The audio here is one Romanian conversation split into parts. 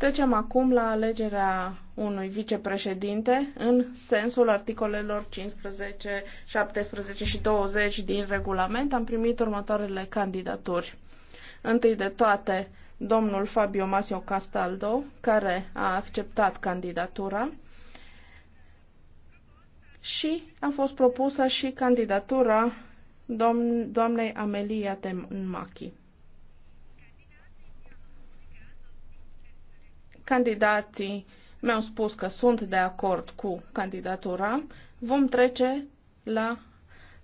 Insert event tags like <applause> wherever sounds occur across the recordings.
Trecem acum la alegerea unui vicepreședinte în sensul articolelor 15, 17 și 20 din regulament. Am primit următoarele candidaturi. Întâi de toate, domnul Fabio Masio Castaldo, care a acceptat candidatura și a fost propusă și candidatura doamnei Amelia Temmachi. Candidații mi-au spus că sunt de acord cu candidatura. Vom trece la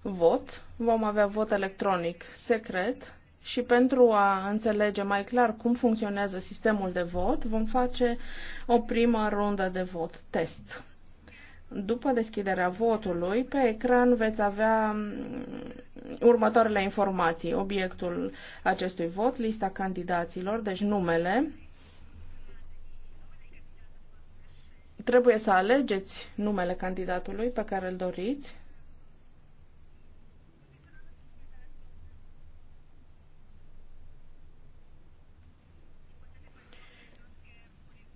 vot. Vom avea vot electronic secret și pentru a înțelege mai clar cum funcționează sistemul de vot, vom face o primă rundă de vot test. După deschiderea votului, pe ecran veți avea mm, următoarele informații. Obiectul acestui vot, lista candidaților, deci numele, Trebuie să alegeți numele candidatului pe care îl doriți.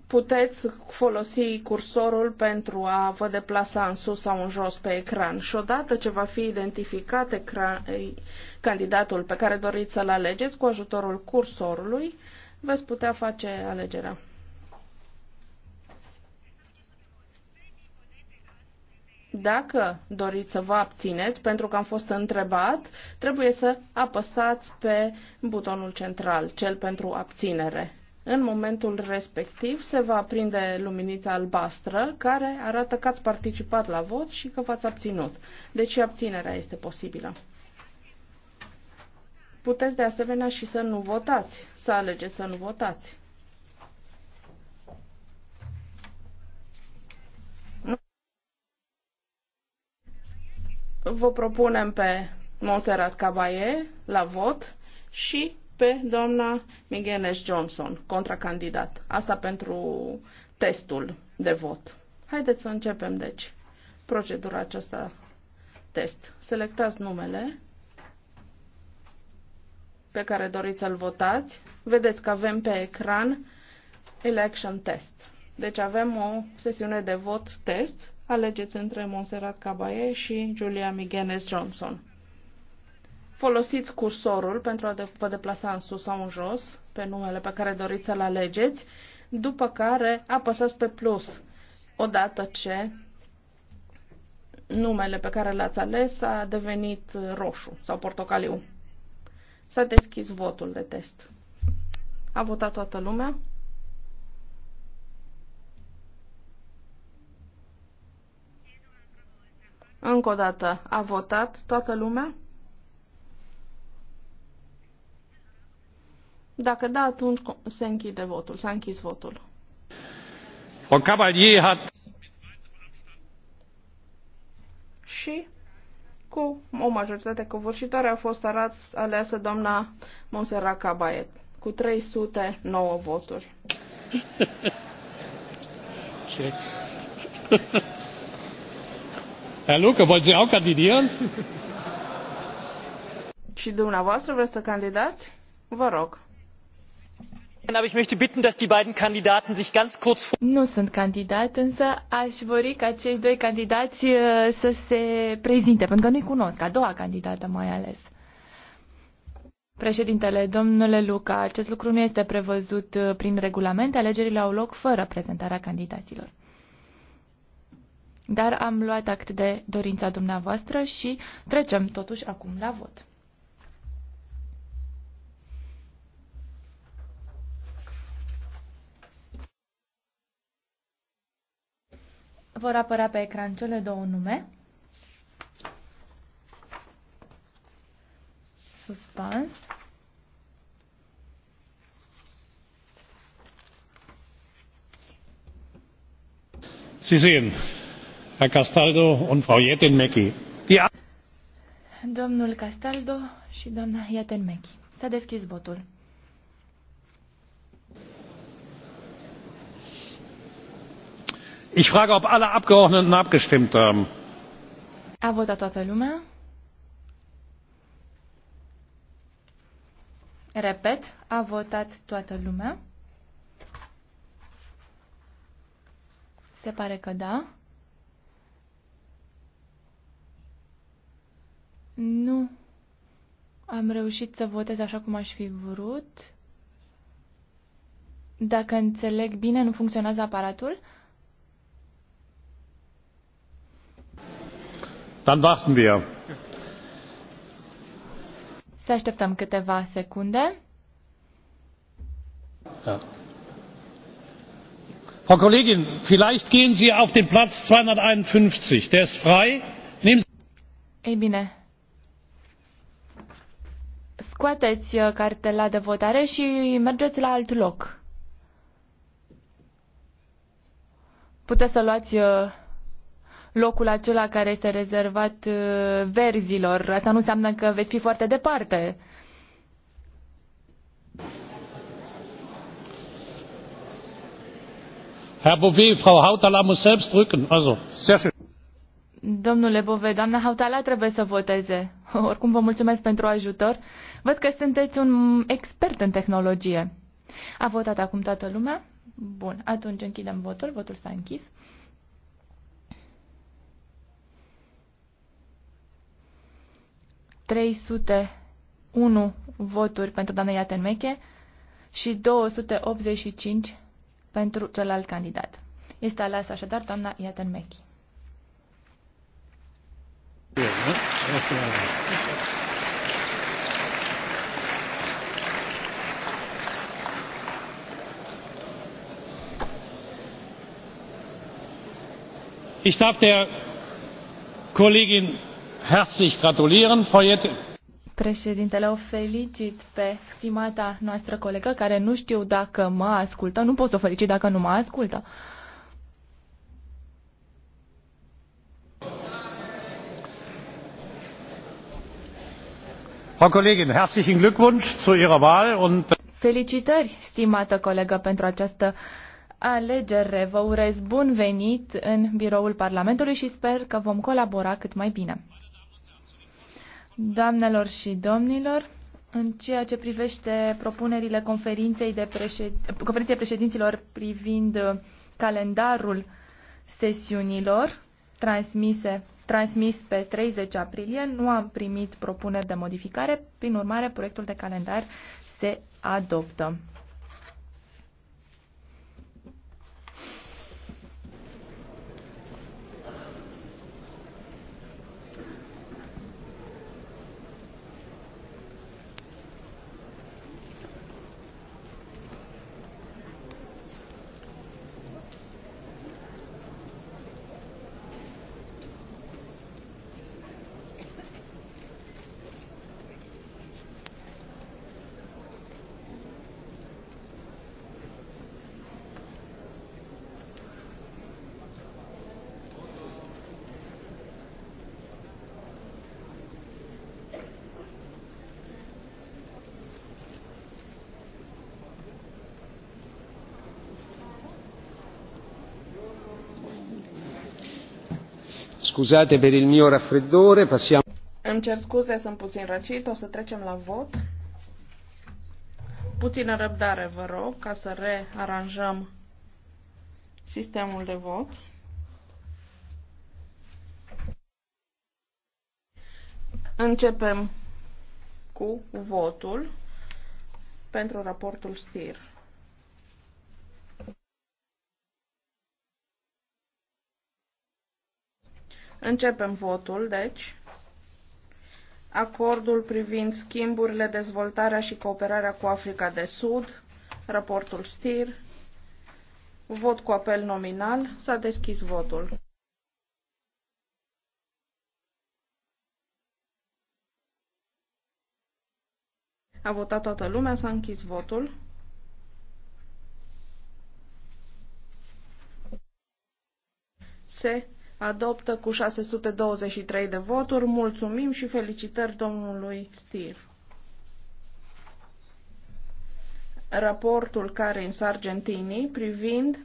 puteți folosi cursorul pentru a vă deplasa în sus sau în jos pe ecran și odată ce va fi identificat ecran, candidatul pe care doriți să-l alegeți cu ajutorul cursorului, veți putea face alegerea. Dacă doriți să vă abțineți, pentru că am fost întrebat, trebuie să apăsați pe butonul central, cel pentru abținere. În momentul respectiv se va aprinde luminița albastră care arată că ați participat la vot și că v-ați abținut. Deci abținerea este posibilă. Puteți de asemenea și să nu votați, să alegeți să nu votați. vă propunem pe Monserrat Cabaye la vot și pe doamna Migueles Johnson, contracandidat. Asta pentru testul de vot. Haideți să începem, deci, procedura aceasta test. Selectați numele pe care doriți să-l votați. Vedeți că avem pe ecran Election Test. Deci avem o sesiune de vot test Alegeți între Monserrat Caballé și Julia Migenes Johnson. Folosiți cursorul pentru a vă deplasa în sus sau în jos pe numele pe care doriți să-l alegeți, după care apăsați pe plus odată ce numele pe care l-ați ales a devenit roșu sau portocaliu. S-a deschis votul de test. A votat toată lumea? Încă o dată, a votat toată lumea? Dacă da, atunci se închide votul, s-a închis votul. Frau hat... Și cu o majoritate covârșitoare a fost arat aleasă doamna Monserrat Cabaet cu 309 voturi. <laughs> Ce? Herr Lucke, wollen Sie auch kandidieren? Și dumneavoastră vreți să candidați? Vă rog. Aber ich möchte bitten, dass die beiden Kandidaten sich ganz kurz vor Nu sunt candidat, însă aș vori ca cei doi candidați uh, să se prezinte, pentru că nu-i cunosc, a doua candidată mai ales. Președintele, domnule Luca, acest lucru nu este prevăzut uh, prin regulament. Alegerile au loc fără prezentarea candidaților. Dar am luat act de dorința dumneavoastră și trecem totuși acum la vot. Vor apărea pe ecran cele două nume. Suspans. Sie sehen, herr castaldo und frau jtteenmäki. domnul castaldo și doamna jtteenmäki. s-a deschis votul. ich frage ob alle abgeordneten abgestimmt haben. a votat toată lumea? Repet, a votat toată lumea? Se pare că da. Nu am reușit să votez așa cum aș fi vrut. Dacă înțeleg bine, nu funcționează aparatul? Dann warten wir. Să așteptăm câteva secunde. Da. Frau Kollegin, vielleicht gehen Sie auf den Platz 251. Der ist frei. Nehmen Sie Ei bine, scoateți uh, cartela de votare și mergeți la alt loc. Puteți să luați uh, locul acela care este rezervat uh, verzilor. Asta nu înseamnă că veți fi foarte departe. Herr Bove, Frau Hautala muss selbst drücken. Also, sehr schön. Domnule Bove, doamna Hautala trebuie să voteze. <laughs> Oricum vă mulțumesc pentru ajutor. Văd că sunteți un expert în tehnologie. A votat acum toată lumea? Bun, atunci închidem votul. Votul s-a închis. ...301 voturi pentru doamna Iatenmeche și 285 pentru celălalt candidat. Este ales așadar doamna Iatenmeche. Bine, da? ich darf der kollegin herzlich gratulieren frau jette. președintele o felicit pe stimata noastră colegă care nu știu dacă mă ascultă nu pot să o felicit dacă nu mă ascultă. Frau Kollegin, herzlichen Glückwunsch zu Ihrer Wahl und Felicitări, stimată colegă, pentru această alegere. Vă urez bun venit în biroul Parlamentului și sper că vom colabora cât mai bine. Doamnelor și domnilor, în ceea ce privește propunerile conferinței, de președ... conferinței președinților privind uh, calendarul sesiunilor transmise, transmis pe 30 aprilie, nu am primit propuneri de modificare, prin urmare proiectul de calendar se adoptă. Scuzate per il mio raffreddore, passiamo. Îmi cer scuze, sunt puțin răcit, o să trecem la vot. Puțină răbdare, vă rog, ca să rearanjăm sistemul de vot. Începem cu votul pentru raportul STIR. Începem votul, deci. Acordul privind schimburile, dezvoltarea și cooperarea cu Africa de Sud, raportul STIR, vot cu apel nominal, s-a deschis votul. A votat toată lumea, s-a închis votul. Se adoptă cu 623 de voturi. Mulțumim și felicitări domnului Steve. Raportul care în Sargentinii privind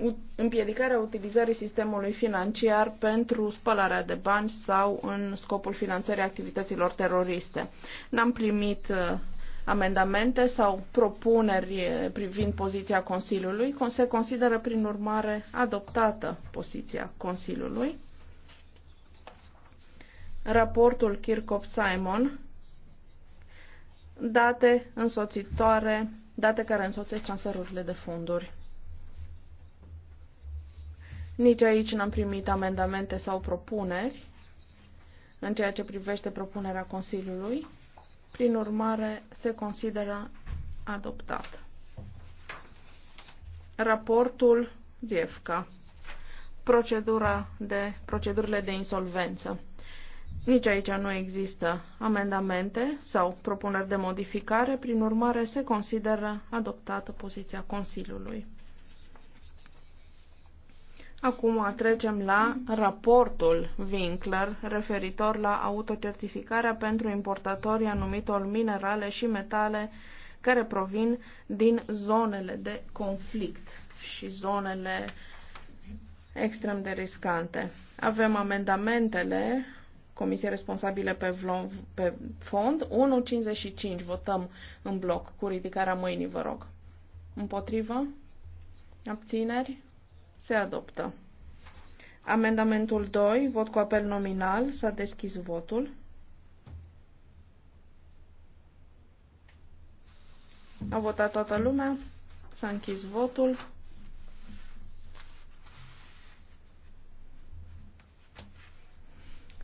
um, împiedicarea utilizării sistemului financiar pentru spălarea de bani sau în scopul finanțării activităților teroriste. N-am primit uh, amendamente sau propuneri privind poziția Consiliului, se consideră prin urmare adoptată poziția Consiliului. Raportul Kirchhoff-Simon, date însoțitoare, date care însoțesc transferurile de fonduri. Nici aici n-am primit amendamente sau propuneri în ceea ce privește propunerea Consiliului. Prin urmare, se consideră adoptat. Raportul Ziefca. Procedura de, procedurile de insolvență. Nici aici nu există amendamente sau propuneri de modificare, prin urmare se consideră adoptată poziția Consiliului. Acum trecem la raportul Winkler referitor la autocertificarea pentru importatorii anumitor minerale și metale care provin din zonele de conflict și zonele extrem de riscante. Avem amendamentele Comisiei responsabile pe, vlon, pe fond 1.55. Votăm în bloc cu ridicarea mâinii, vă rog. Împotrivă? Abțineri? Se adoptă. Amendamentul 2, vot cu apel nominal, s-a deschis votul. A votat toată lumea, s-a închis votul.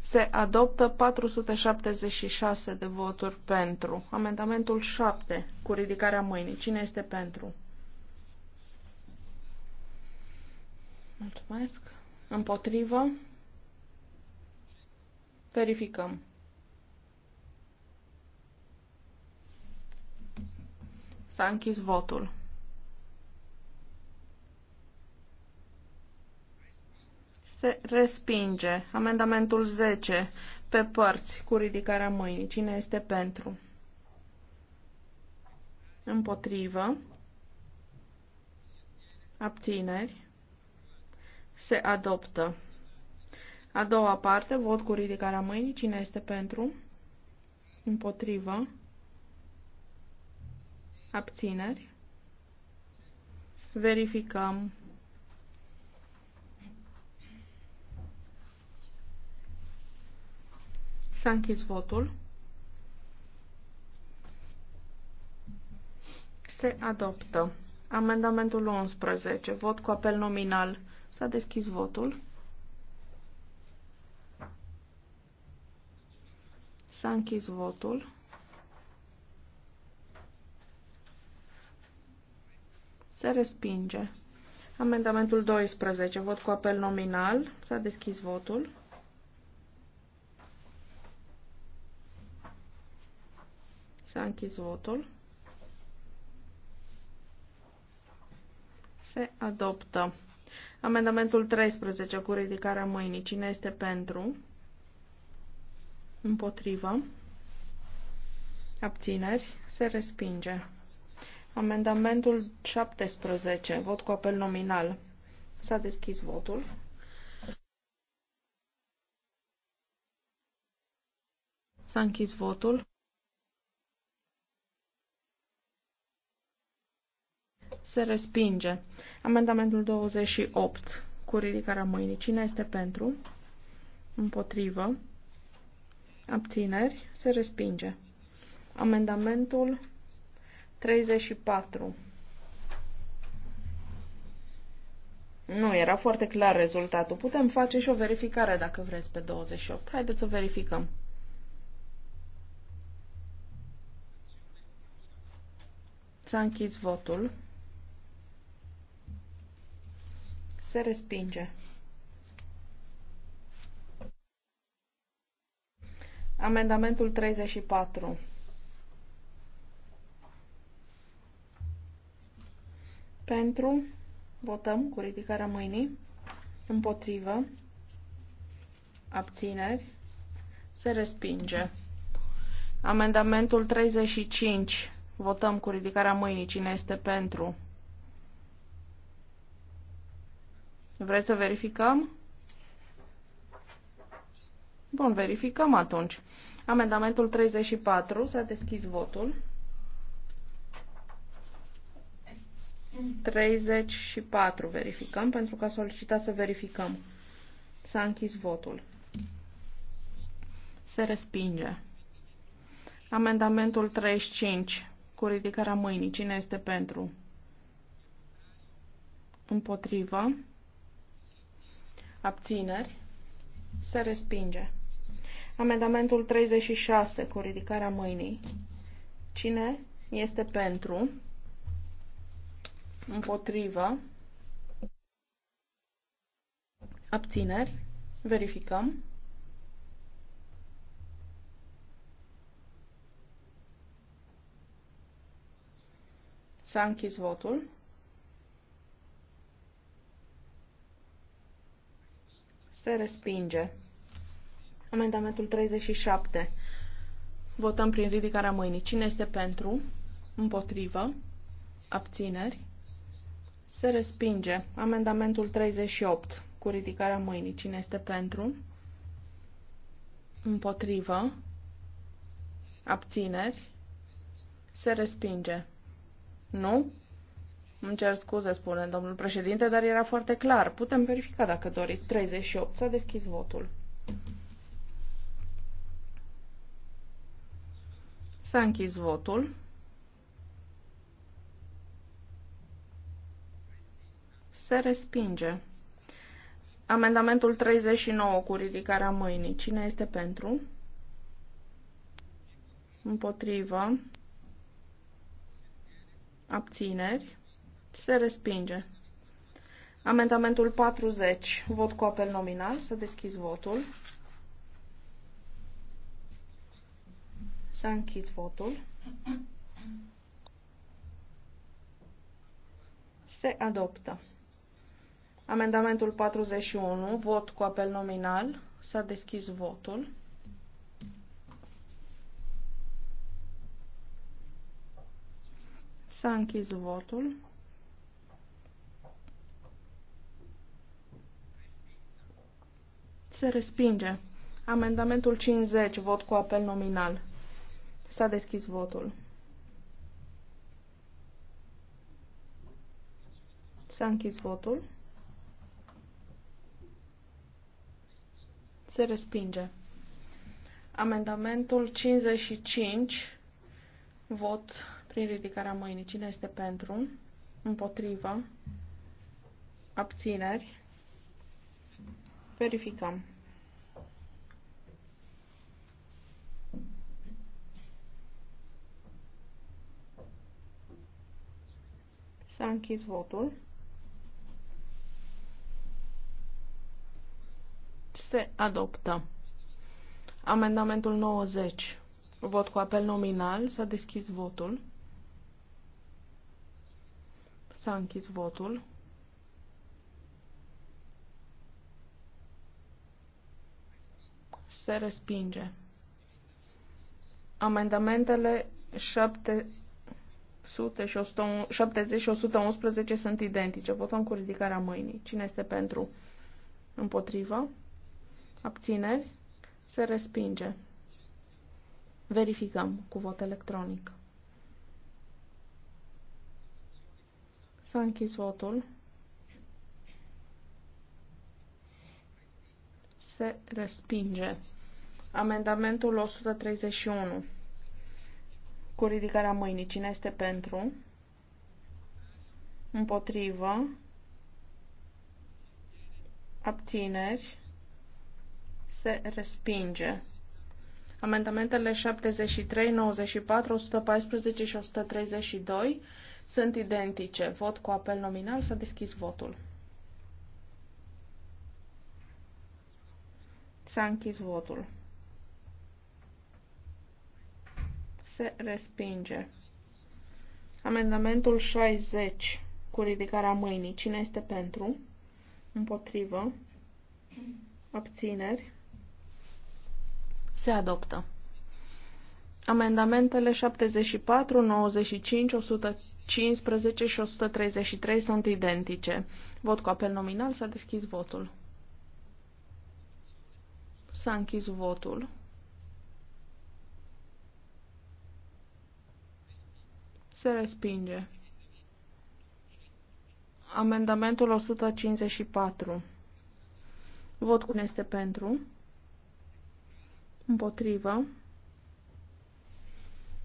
Se adoptă 476 de voturi pentru. Amendamentul 7, cu ridicarea mâinii. Cine este pentru? Mulțumesc. Împotrivă. Verificăm. S-a închis votul. Se respinge. Amendamentul 10. Pe părți, cu ridicarea mâinii. Cine este pentru? Împotrivă. Abțineri. Se adoptă. A doua parte, vot cu ridicarea mâinii. Cine este pentru? Împotrivă. Abțineri. Verificăm. S-a închis votul. Se adoptă. Amendamentul 11. Vot cu apel nominal. S-a deschis votul. S-a închis votul. Se respinge. Amendamentul 12. Vot cu apel nominal. S-a deschis votul. S-a închis votul. Se adoptă. Amendamentul 13 cu ridicarea mâinii. Cine este pentru? Împotrivă. Abțineri. Se respinge. Amendamentul 17. Vot cu apel nominal. S-a deschis votul. S-a închis votul. Se respinge. Amendamentul 28 cu ridicarea mâinii. Cine este pentru? Împotrivă. Abțineri. Se respinge. Amendamentul 34. Nu era foarte clar rezultatul. Putem face și o verificare dacă vreți pe 28. Haideți să verificăm. S-a închis votul. Se respinge. Amendamentul 34. Pentru. Votăm cu ridicarea mâinii. Împotrivă. Abțineri. Se respinge. Amendamentul 35. Votăm cu ridicarea mâinii. Cine este pentru? Vreți să verificăm? Bun, verificăm atunci. Amendamentul 34, s-a deschis votul. 34 verificăm, pentru că a solicitat să verificăm. S-a închis votul. Se respinge. Amendamentul 35, cu ridicarea mâinii. Cine este pentru? Împotrivă. Abțineri. Se respinge. Amendamentul 36 cu ridicarea mâinii. Cine este pentru? Împotrivă. Abțineri. Verificăm. S-a închis votul. Se respinge. Amendamentul 37. Votăm prin ridicarea mâinii. Cine este pentru? Împotrivă? Abțineri? Se respinge. Amendamentul 38. Cu ridicarea mâinii. Cine este pentru? Împotrivă? Abțineri? Se respinge. Nu? Îmi cer scuze, spune domnul președinte, dar era foarte clar. Putem verifica dacă doriți. 38. S-a deschis votul. S-a închis votul. Se respinge. Amendamentul 39 cu ridicarea mâinii. Cine este pentru? Împotrivă. Abțineri. Se respinge. Amendamentul 40. Vot cu apel nominal. Să deschizi votul. să a închis votul. Se adoptă. Amendamentul 41, vot cu apel nominal. S-a deschis votul. S-a închis votul. Se respinge. Amendamentul 50, vot cu apel nominal. S-a deschis votul. S-a închis votul. Se respinge. Amendamentul 55, vot prin ridicarea mâinii. Cine este pentru? Împotrivă? Abțineri? Verificăm. S-a închis votul. Se adoptă. Amendamentul 90. Vot cu apel nominal. S-a deschis votul. S-a închis votul. se respinge. Amendamentele 700 și 100, 70 și 111 sunt identice. Votăm cu ridicarea mâinii. Cine este pentru? Împotrivă? Abțineri? Se respinge. Verificăm cu vot electronic. S-a închis votul. Se respinge. Amendamentul 131. Cu ridicarea mâinii. Cine este pentru? Împotrivă. Abțineri. Se respinge. Amendamentele 73, 94, 114 și 132 sunt identice. Vot cu apel nominal. S-a deschis votul. S-a închis votul. se respinge. Amendamentul 60 cu ridicarea mâinii. Cine este pentru? Împotrivă. Abțineri. Se adoptă. Amendamentele 74, 95, 115 și 133 sunt identice. Vot cu apel nominal s-a deschis votul. S-a închis votul. Se respinge. Amendamentul 154. Vot cu este pentru. Împotrivă.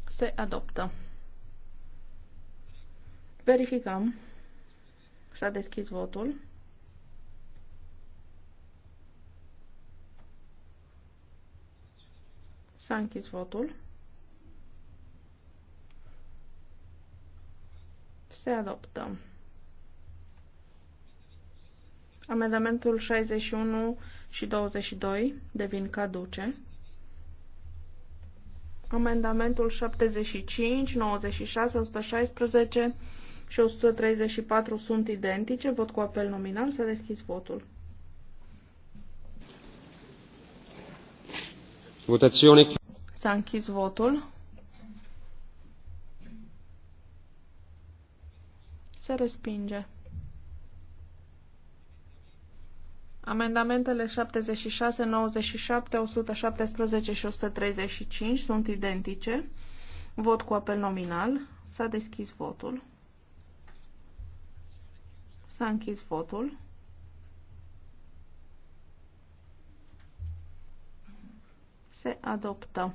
Se adoptă. Verificăm. S-a deschis votul. S-a închis votul. Se adoptă. Amendamentul 61 și 22 devin caduce. Amendamentul 75, 96, 116 și 134 sunt identice. Vot cu apel nominal. Să deschis votul. Votazione. S-a închis votul. Se respinge. Amendamentele 76, 97, 117 și 135 sunt identice. Vot cu apel nominal. S-a deschis votul. S-a închis votul. Se adoptă.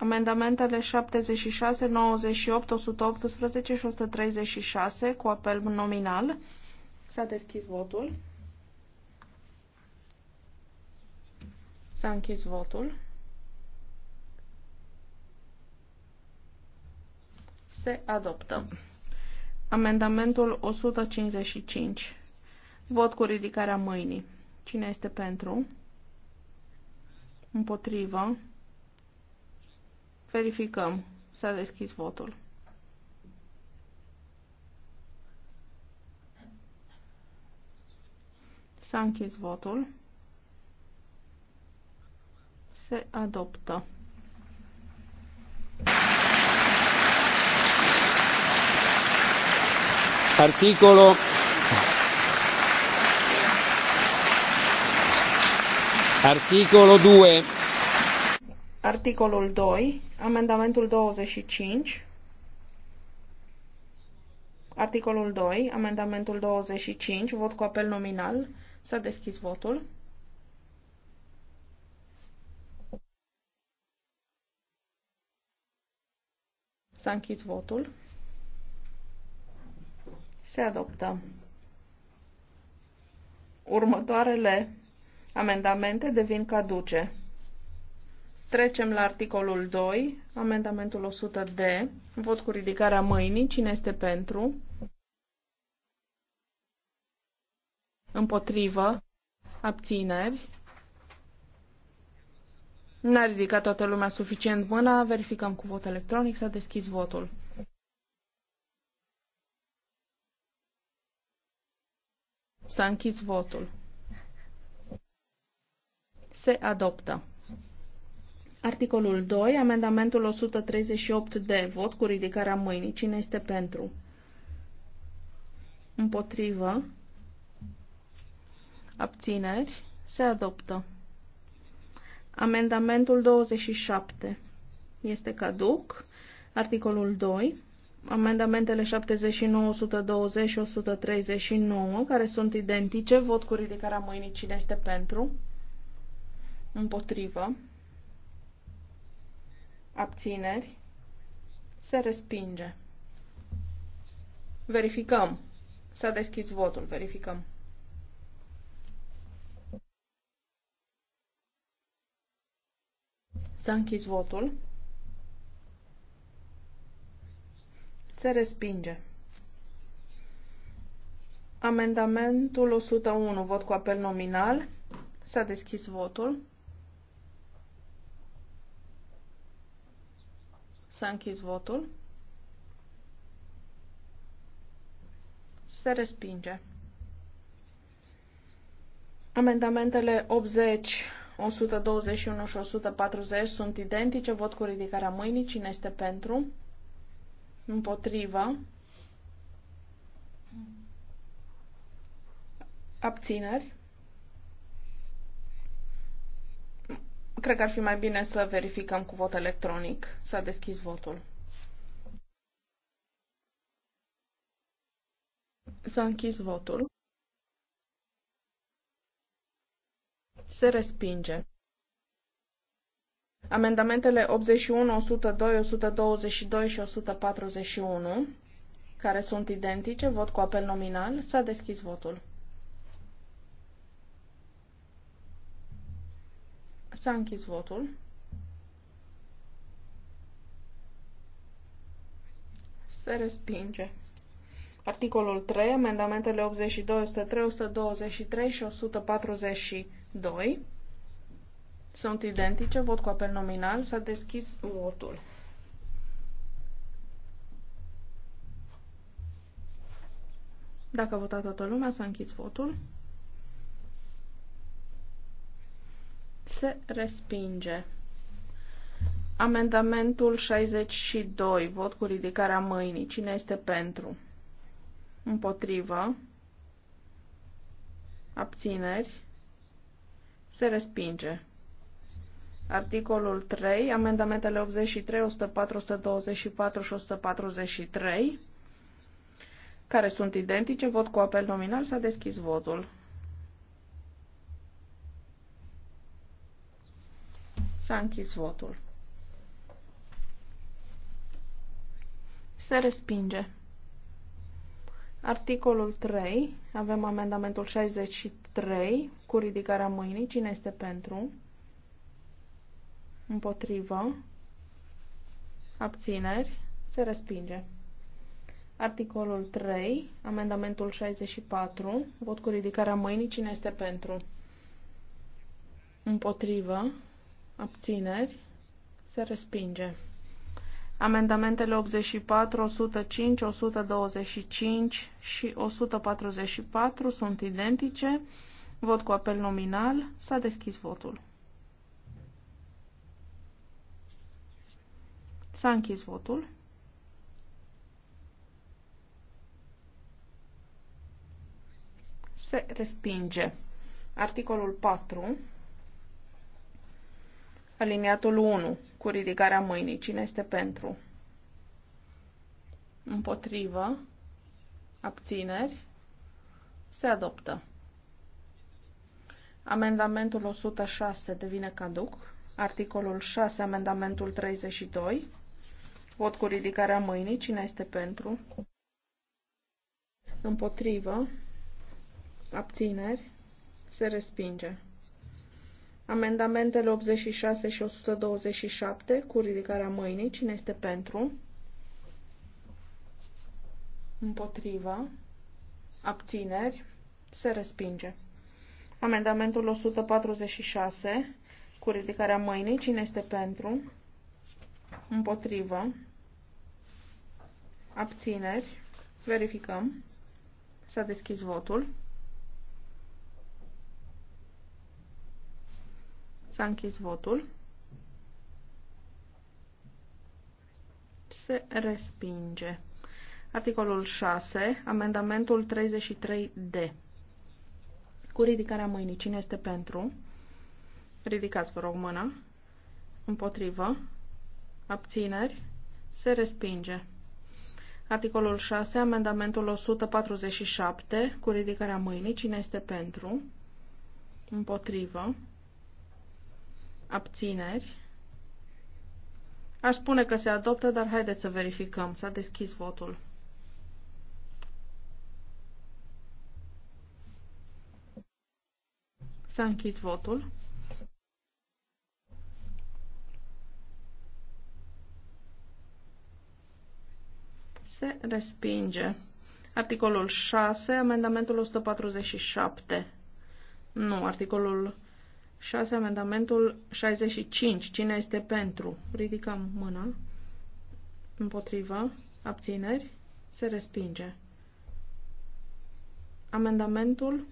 Amendamentele 76, 98, 118 și 136 cu apel nominal. S-a deschis votul. S-a închis votul. Se adoptă. Amendamentul 155. Vot cu ridicarea mâinii. Cine este pentru? Împotrivă. Verificăm. S-a deschis votul. S-a închis votul. Se adoptă. Articolo Articolo 2 Articolul 2, amendamentul 25. Articolul 2, amendamentul 25, vot cu apel nominal. S-a deschis votul. S-a închis votul. Se adoptă. Următoarele amendamente devin caduce. Trecem la articolul 2, amendamentul 100D. Vot cu ridicarea mâinii. Cine este pentru? Împotrivă? Abțineri? N-a ridicat toată lumea suficient mâna. Verificăm cu vot electronic. S-a deschis votul. S-a închis votul. Se adoptă. Articolul 2, amendamentul 138 de vot cu ridicarea mâinii. Cine este pentru? Împotrivă. Abțineri. Se adoptă. Amendamentul 27 este caduc. Articolul 2. Amendamentele 79, 120 și 139, care sunt identice, vot cu ridicarea mâinii. Cine este pentru? Împotrivă abțineri, se respinge. Verificăm. S-a deschis votul, verificăm. S-a închis votul. Se respinge. Amendamentul 101, vot cu apel nominal. S-a deschis votul. S-a închis votul. Se respinge. Amendamentele 80, 121 și 140 sunt identice. Vot cu ridicarea mâinii. Cine este pentru? Împotrivă. Abțineri. Cred că ar fi mai bine să verificăm cu vot electronic. S-a deschis votul. S-a închis votul. Se respinge. Amendamentele 81, 102, 122 și 141, care sunt identice, vot cu apel nominal, s-a deschis votul. S-a închis votul. Se respinge. Articolul 3, amendamentele 82, 103, 123 și 142 sunt identice. Vot cu apel nominal. S-a deschis votul. Dacă a votat toată lumea, s-a închis votul. Se respinge. Amendamentul 62. Vot cu ridicarea mâinii. Cine este pentru? Împotrivă. Abțineri. Se respinge. Articolul 3, amendamentele 83, 104, 124 și 143, care sunt identice, vot cu apel nominal, s-a deschis votul. S-a închis votul. Se respinge. Articolul 3. Avem amendamentul 63 cu ridicarea mâinii. Cine este pentru? Împotrivă. Abțineri. Se respinge. Articolul 3. Amendamentul 64. Vot cu ridicarea mâinii. Cine este pentru? Împotrivă abțineri, se respinge. Amendamentele 84, 105, 125 și 144 sunt identice. Vot cu apel nominal. S-a deschis votul. S-a închis votul. Se respinge. Articolul 4. Aliniatul 1. Cu ridicarea mâinii. Cine este pentru? Împotrivă. Abțineri. Se adoptă. Amendamentul 106 devine caduc. Articolul 6, amendamentul 32. Vot cu ridicarea mâinii. Cine este pentru? Împotrivă. Abțineri. Se respinge. Amendamentele 86 și 127 cu ridicarea mâinii. Cine este pentru? Împotriva. Abțineri. Se respinge. Amendamentul 146 cu ridicarea mâinii. Cine este pentru? Împotrivă. Abțineri. Verificăm. S-a deschis votul. S-a închis votul. Se respinge. Articolul 6, amendamentul 33D. Cu ridicarea mâinii, cine este pentru? Ridicați, vă rog, mâna. Împotrivă. Abțineri. Se respinge. Articolul 6, amendamentul 147, cu ridicarea mâinii, cine este pentru? Împotrivă abțineri. Aș spune că se adoptă, dar haideți să verificăm. S-a deschis votul. S-a închis votul. Se respinge. Articolul 6, amendamentul 147. Nu, articolul 6. Amendamentul 65. Cine este pentru? Ridicăm mâna. Împotrivă. Abțineri. Se respinge. Amendamentul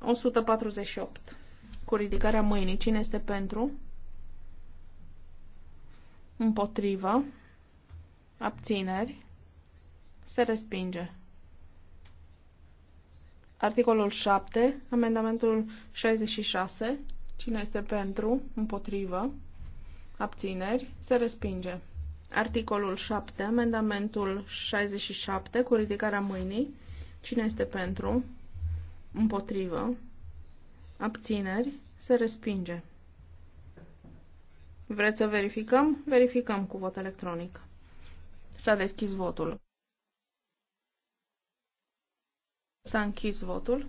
148. Cu ridicarea mâinii. Cine este pentru? Împotrivă. Abțineri. Se respinge. Articolul 7, amendamentul 66. Cine este pentru? Împotrivă. Abțineri. Se respinge. Articolul 7, amendamentul 67, cu ridicarea mâinii. Cine este pentru? Împotrivă. Abțineri. Se respinge. Vreți să verificăm? Verificăm cu vot electronic. S-a deschis votul. S-a închis votul.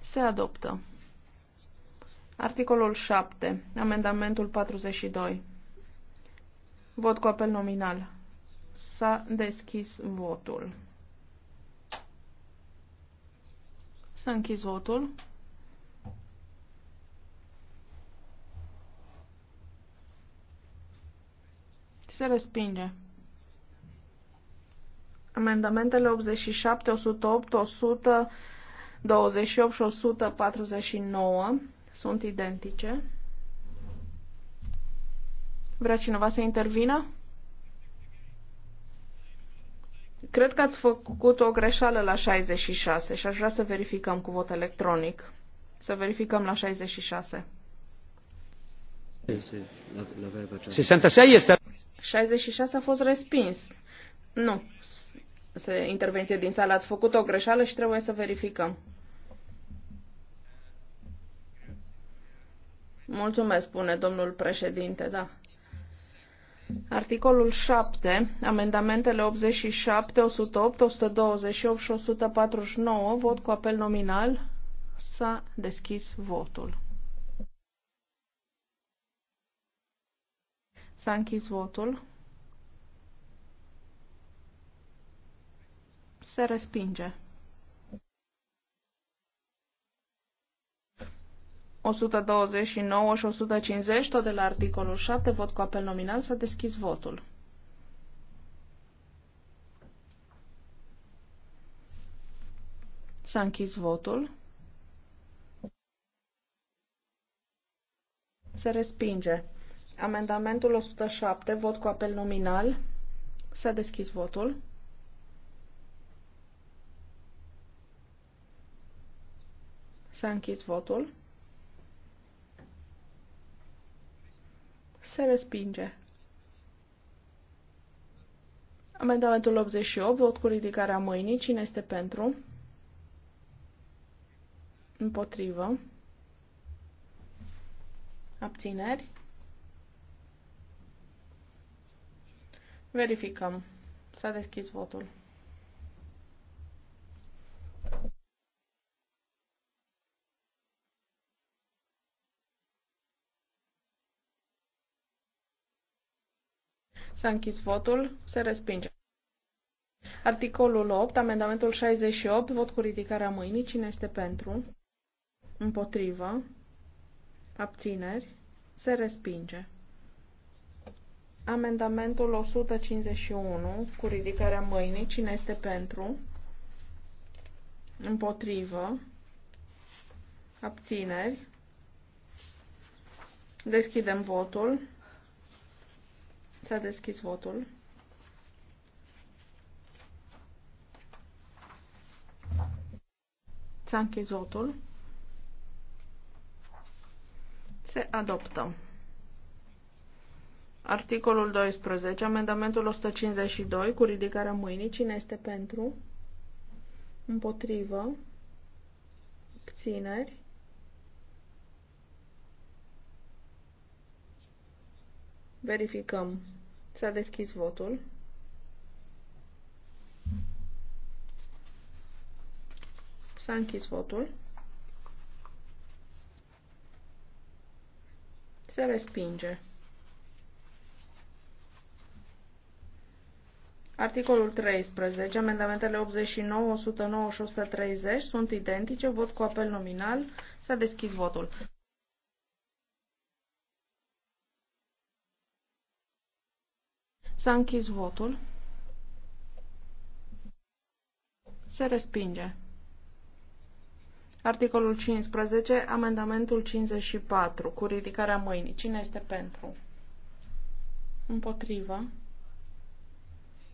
Se adoptă. Articolul 7. Amendamentul 42. Vot cu apel nominal. S-a deschis votul. S-a închis votul. Se respinge. Amendamentele 87, 108, 128 și 149 sunt identice. Vrea cineva să intervină? Cred că ați făcut o greșeală la 66 și aș vrea să verificăm cu vot electronic. Să verificăm la 66. 66 este... 66 a fost respins. Nu, intervenție din sală. Ați făcut o greșeală și trebuie să verificăm. Mulțumesc, spune domnul președinte, da. Articolul 7, amendamentele 87, 108, 128 și 149, vot cu apel nominal, s-a deschis votul. S-a închis votul. Se respinge. 129 și 150, tot de la articolul 7, vot cu apel nominal, s-a deschis votul. S-a închis votul. Se respinge. Amendamentul 107, vot cu apel nominal, s-a deschis votul. S-a închis votul. Se respinge. Amendamentul 88, vot cu ridicarea mâinii. Cine este pentru? Împotrivă. Abțineri. Verificăm. S-a deschis votul. S-a închis votul. Se respinge. Articolul 8, amendamentul 68, vot cu ridicarea mâinii. Cine este pentru? Împotrivă. Abțineri. Se respinge. Amendamentul 151, cu ridicarea mâinii. Cine este pentru? Împotrivă. Abțineri. Deschidem votul. S-a deschis votul. S-a închis votul. Se adoptă. Articolul 12, amendamentul 152, cu ridicarea mâinii. Cine este pentru? Împotrivă? Obțineri? Verificăm. S-a deschis votul. S-a închis votul. Se respinge. Articolul 13, amendamentele 89, 109 și 130 sunt identice, vot cu apel nominal, s-a deschis votul. S-a închis votul. Se respinge. Articolul 15, amendamentul 54, cu ridicarea mâinii. Cine este pentru? Împotrivă.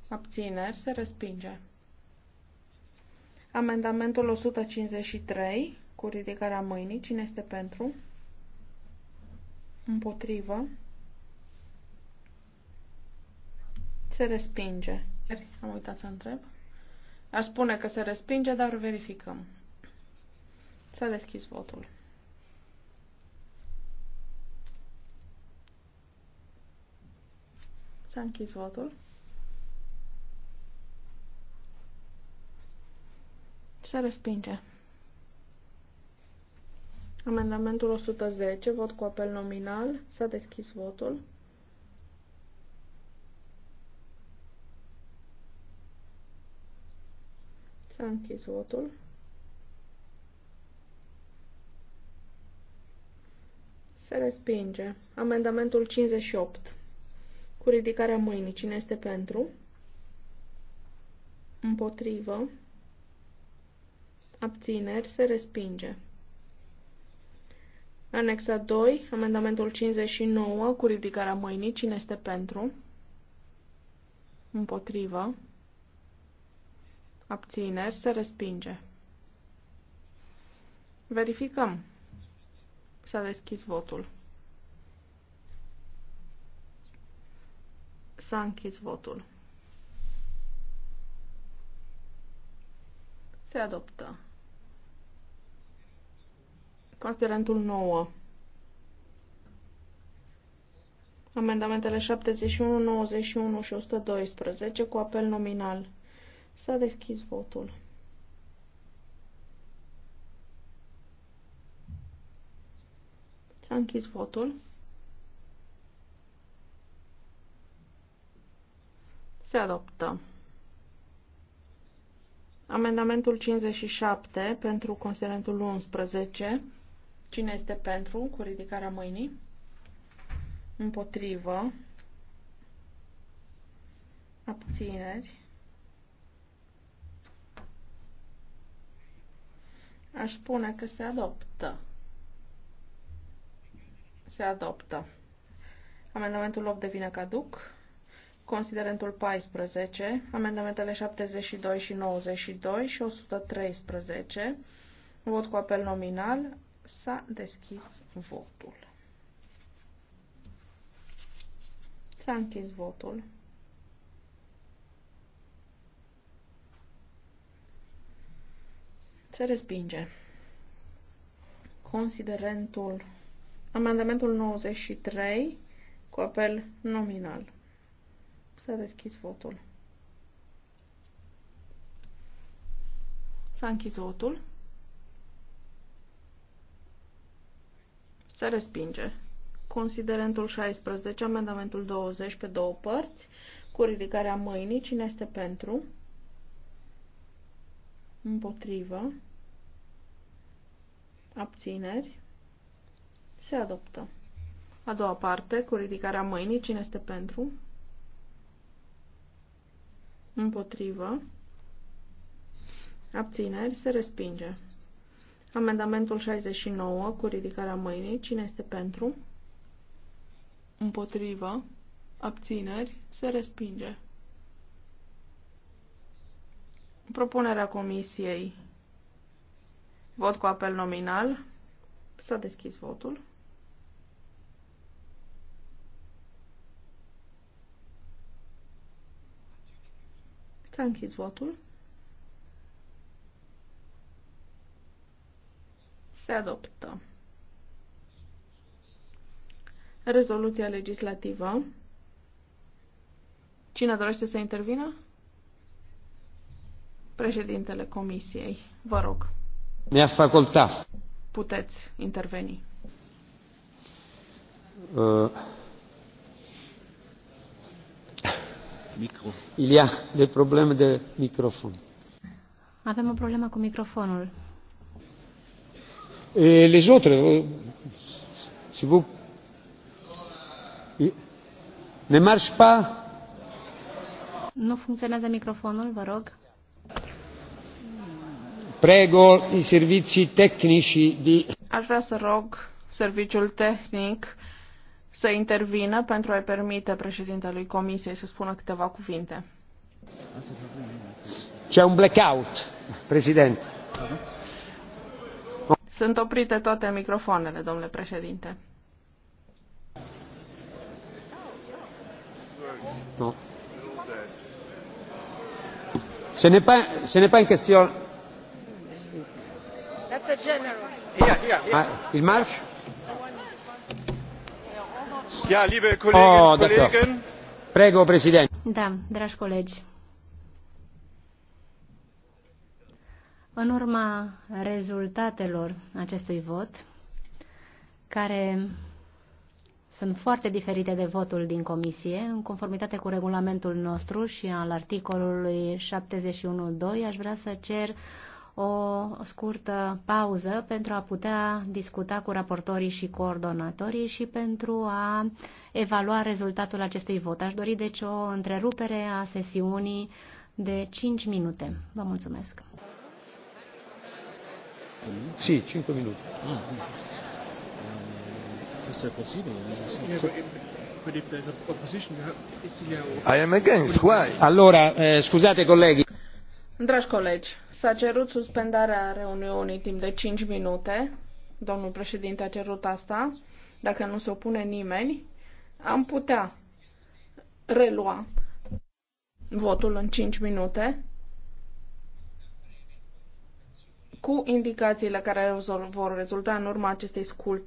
Abțineri. Se respinge. Amendamentul 153, cu ridicarea mâinii. Cine este pentru? Împotrivă. Se respinge. Am uitat să întreb. Aș spune că se respinge, dar verificăm. S-a deschis votul. S-a închis votul. Se respinge. Amendamentul 110, vot cu apel nominal. S-a deschis votul. S-a închis votul. Se respinge. Amendamentul 58. Cu ridicarea mâinii. Cine este pentru? Împotrivă. Abțineri. Se respinge. Anexa 2. Amendamentul 59. Cu ridicarea mâinii. Cine este pentru? Împotrivă. Abțineri se respinge. Verificăm. S-a deschis votul. S-a închis votul. Se adoptă. Considerentul 9. Amendamentele 71, 91 și 112 cu apel nominal. Să deschid votul. S-a închis votul. Se adoptă. Amendamentul 57 pentru considerentul 11. Cine este pentru? Cu ridicarea mâinii. Împotrivă. Abțineri. Aș spune că se adoptă. Se adoptă. Amendamentul 8 devine caduc. Considerentul 14, amendamentele 72 și 92 și 113, vot cu apel nominal, s-a deschis votul. S-a închis votul. Se respinge. Considerentul. Amendamentul 93 cu apel nominal. S-a deschis votul. S-a închis votul. Se respinge. Considerentul 16, amendamentul 20 pe două părți, cu ridicarea mâinii, cine este pentru? împotrivă, abțineri, se adoptă. A doua parte, cu ridicarea mâinii, cine este pentru? Împotrivă. Abțineri, se respinge. Amendamentul 69, cu ridicarea mâinii, cine este pentru? Împotrivă. Abțineri, se respinge. Propunerea comisiei. Vot cu apel nominal. S-a deschis votul. S-a închis votul. Se adoptă. Rezoluția legislativă. Cine dorește să intervină? Președintele Comisiei, vă rog. Mi-a facultat. Puteți interveni. Uh, Ilia, de probleme de microfon. Avem o problemă cu microfonul. E, les autres, euh, si vous... Ne marche pas? Nu funcționează microfonul, vă rog. Prego i servizii tehnici di... Aș vrea să rog serviciul tehnic să intervină pentru a-i permite președintelui Comisiei să spună câteva cuvinte. C'è un blackout, președinte. Sunt oprite toate microfoanele, domnule președinte. No. Se ne pas, se ne pas une question Ah, il marche oh, Kollegen. Prego, Presidente. Da, dragi colegi. În urma rezultatelor acestui vot, care sunt foarte diferite de votul din comisie. În conformitate cu regulamentul nostru și al articolului 71.2, aș vrea să cer o scurtă pauză pentru a putea discuta cu raportorii și coordonatorii și pentru a evalua rezultatul acestui vot. Aș dori deci o întrerupere a sesiunii de 5 minute. Vă mulțumesc. Sí, 5 minute. Ah, um, posibil? I am against, why? Allora, eh, scusate colleghi. Dragi colegi, S-a cerut suspendarea reuniunii timp de 5 minute. Domnul președinte a cerut asta. Dacă nu se opune nimeni, am putea relua votul în 5 minute cu indicațiile care vor rezulta în urma acestei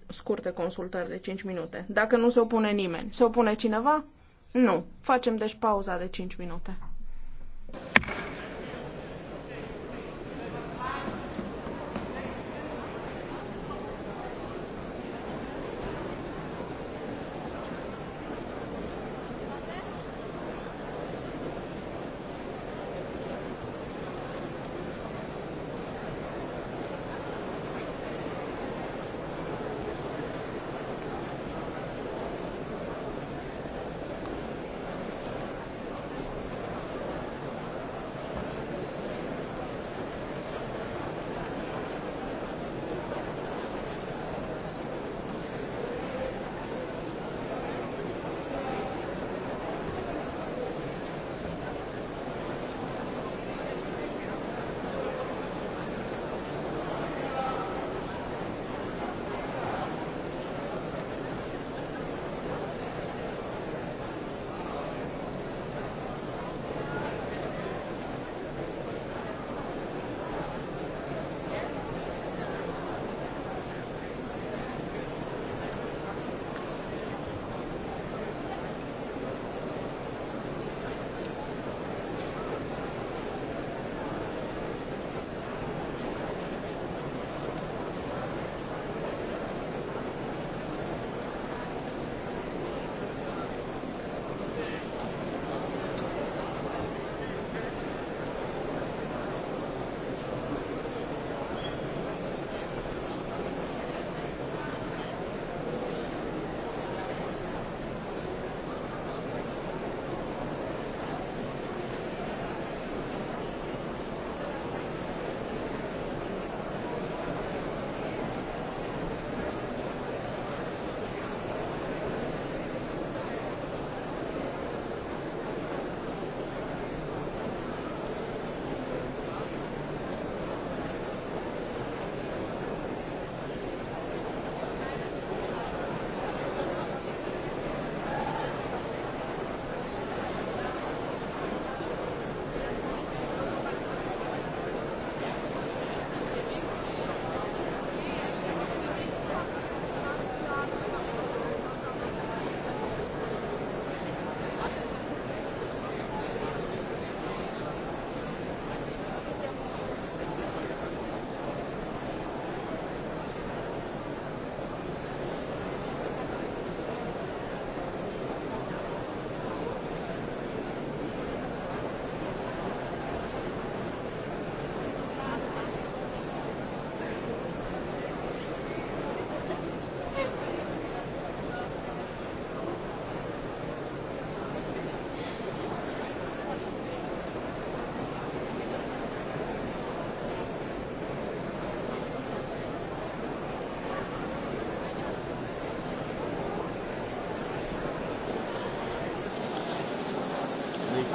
scurte consultări de 5 minute. Dacă nu se opune nimeni, se opune cineva? Nu. Facem deci pauza de 5 minute.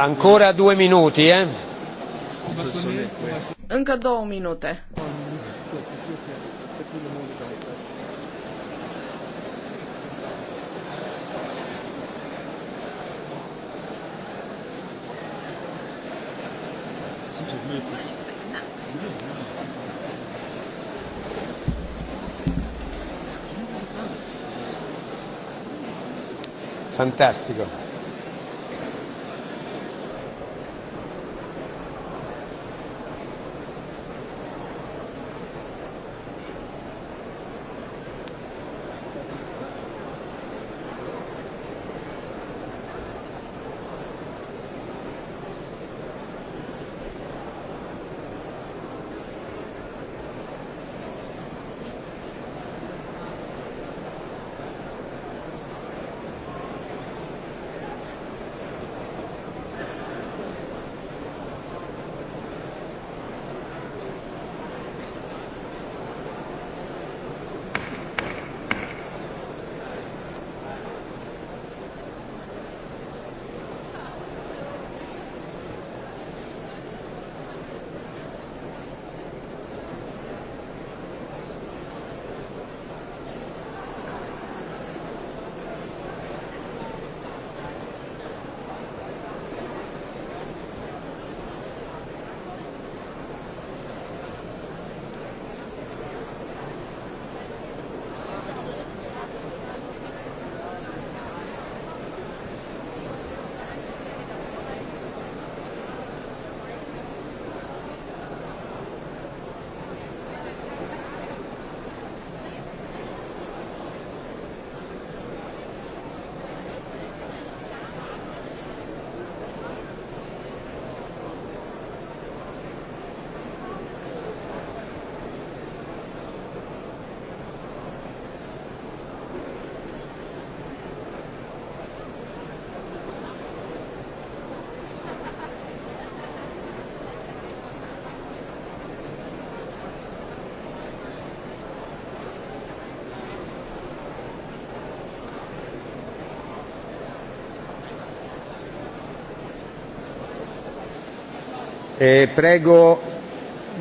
Ancora due minuti, eh? Încă două minute. Fantastico.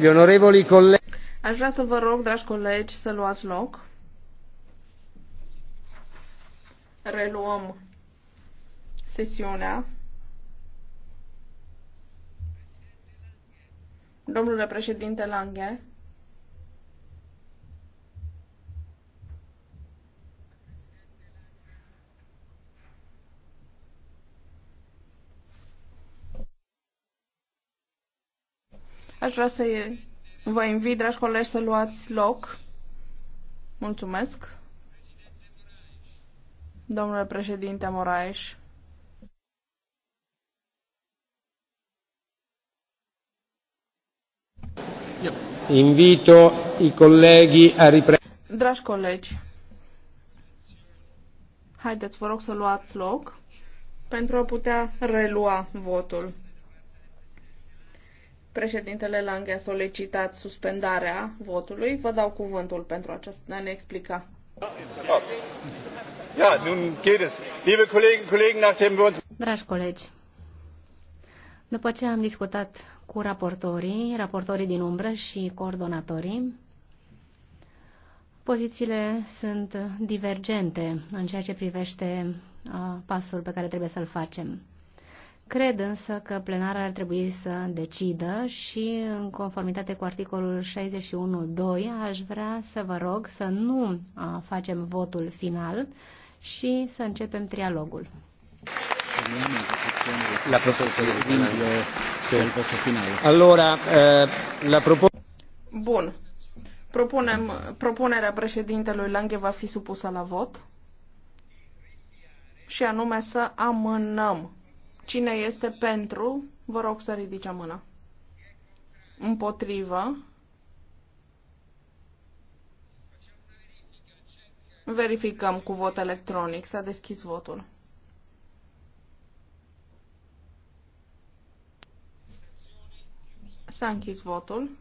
onorevoli Aș vrea să vă rog, dragi colegi, să luați loc. Reluăm sesiunea. Domnule președinte Lange, Aș vrea să vă invit, dragi colegi, să luați loc. Mulțumesc. Domnule președinte Moraes. Invito i colleghi a riprendere. Dragi colegi, haideți, vă rog să luați loc pentru a putea relua votul. Președintele Lange a solicitat suspendarea votului. Vă dau cuvântul pentru a ne explica. nun geht es. Dragi colegi, după ce am discutat cu raportorii, raportorii din umbră și coordonatorii, pozițiile sunt divergente în ceea ce privește pasul pe care trebuie să-l facem. Cred însă că plenara ar trebui să decidă și în conformitate cu articolul 61.2 aș vrea să vă rog să nu facem votul final și să începem trialogul. La propunerea Allora, eh, la propunere. Bun. Propunem, propunerea președintelui Lange va fi supusă la vot și anume să amânăm Cine este pentru, vă rog să ridice mâna. Împotrivă. Verificăm cu vot electronic. S-a deschis votul. S-a închis votul.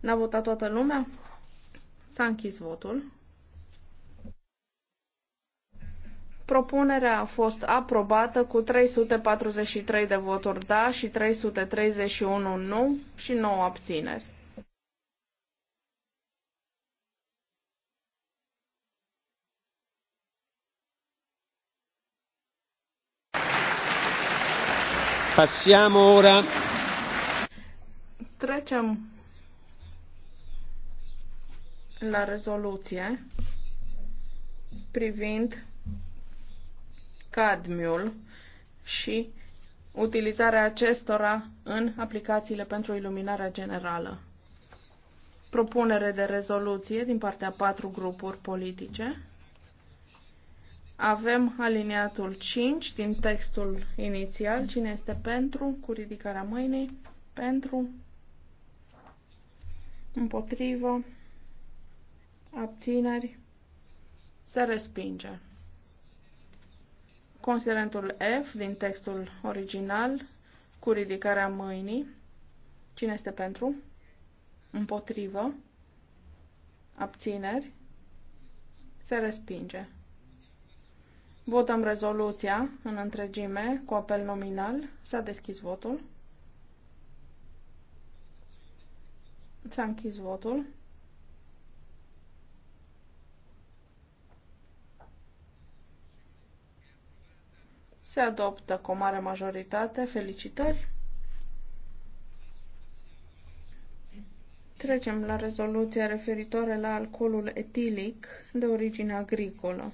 N-a votat toată lumea? S-a închis votul. Propunerea a fost aprobată cu 343 de voturi da și 331 nu și 9 abțineri. Passiamo ora. Trecem la rezoluție privind cadmiul și utilizarea acestora în aplicațiile pentru iluminarea generală. Propunere de rezoluție din partea patru grupuri politice. Avem aliniatul 5 din textul inițial. Cine este pentru? Cu ridicarea mâinii. Pentru. Împotrivă. Abțineri. Se respinge. Considerentul F din textul original cu ridicarea mâinii. Cine este pentru? Împotrivă. Abțineri. Se respinge. Votăm rezoluția în întregime cu apel nominal. S-a deschis votul. S-a închis votul. Se adoptă cu o mare majoritate. Felicitări! Trecem la rezoluția referitoare la alcoolul etilic de origine agricolă.